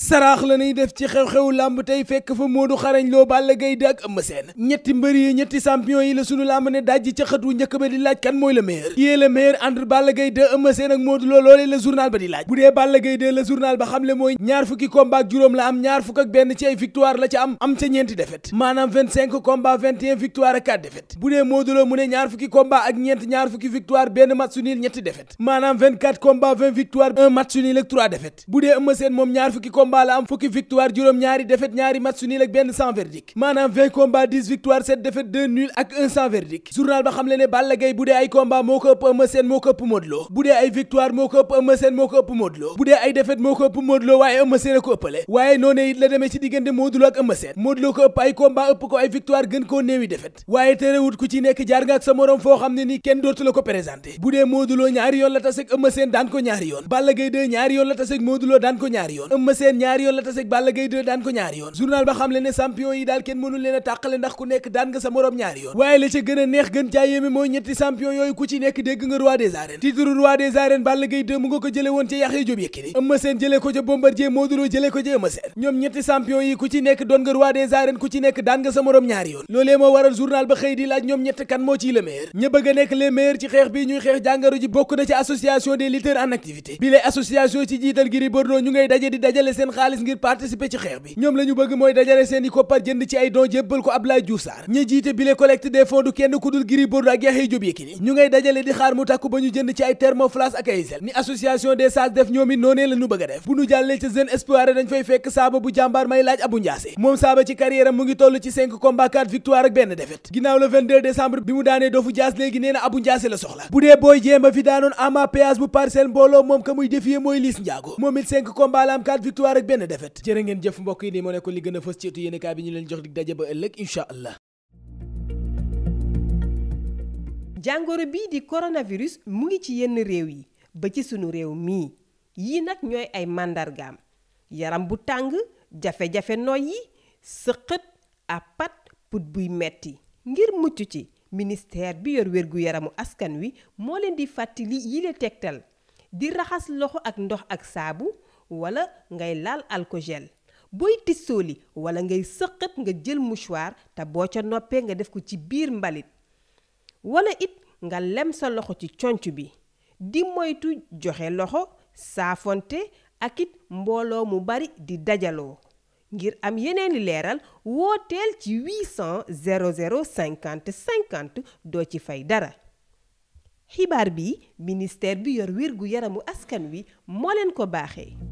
saraax la ñuy def ci xew-xewu làmb tey fekk fa Modou Xarañ Lo Balla Gaye de ak Eumeu Sène ñetti mbër yi ñetti champion yi la sunu làmb ne dajji ca xët wu njëkk ba di laaj kan mooy le meilleur yée le meilleur entre Balla Gaye de Eumeu ak Modou Lo loolee la journal ba di laaj bu dee Balla Gaye de la journal ba xamle mooy ñaar fukki combat ak juróom la am ñaar fukk ak benn ci victoire la ca am am ca ñeenti défaite maanaam 25 combat 21 victoire ak 4 défaite bu dee Modou Lo mu ne ñaar fukki combat ak ñeent ñaar fukki victoire benn combat la am fukki victoire juróom ñaari défaite ñaari match nul ak benn ba xam bu dee ay combat ko ëpp bu dee ay victoire moo ko ëpp Eumeu Sène moo ko ay moo ko ëpp Modou Lo waaye Eumeu ko ci diggante victoire gën koo néewi défaite waaye terewut ku ci nekk jaar nga ak sa morom foo xam ne ni kenn dootu la ko présenté bu dee Modou Lo ñaari yoon la taseeg Eumeu daan ko ñaari yoon Balla Gaye 2 ñaari yoon la taseeg Modou Lo daan ñaari yoon la taseeg Balla Gaye 2 daan ko ñaari yoon journal ba xam le ne champion yi a tàqale ndax ku nekk daan a neex gën caa yéeme mooy ñoom ñetti champion yi ku ci nekk doon nga roi des arènes ku ci nekk daan nga sa moroom ñaari yoon loolee moo waral journal ba xëy di laaj ñoom ñett kan moo ciy le ña bëgg a nekk les ci xeex bi ñuy xeex jàngaro ji bokk na ci association des lutteurs en activité bi association ci jiital Gris ñu ngay daje di dajale seen xaalis ngir participer ci xeex bi ñoom la bëgg mooy dajale seen koppar jënd ci ay don jébbal ko Abdoulaye Diouf Sarr ñi jiite bile collecte des du kenn ku dul Gris Bordeaux ak Yaxya Jóob Yékini ñu ngay dajale di xaar mu takku ba ñu jënd ci ay thermoflash ak ay zel ni association des sages def ñoom it noonee la ñu a def bu ñu jàllee ca Jeune Espoir dañ fay fekk saaba bu jàmbaar may laaj Abou Ndiassé moom saaba ci carrière mu ngi toll ci 5 combats ak benn défaite jërë ngeen jëf mbokk yi nii moo nekkoon li gën a fës ci ëttu ñu leen jox dig daje ba ëllëg incha jàngoro bii di coronavirus mu ngi ci yenn réew yi ba ci sunu réew mii yii nag ñooy ay màndargaam yaram bu tàng jafe-jafe noyyi sëqët ab pat put buy metti ngir mucc ci ministère bi yor wérgu yaramu askan wi moo leen di fàttali yile tegtal di raxas loxo ak ndox ak saabu wala ngay laal alcogel booy li wala ngay sëqat nga jël mouchoir te boo ca noppee nga def ko ci biir mbalit wala it nga lem sa loxo ci conc bi di moytu joxe loxo saafonte ak it mbooloo mu bari di dajaloo ngir am yeneeni leeral wooteel ci 800 00 50 50 doo ci fay dara xibaar bi ministère bi yor wér gu yaramu askan wi moo leen ko baaxee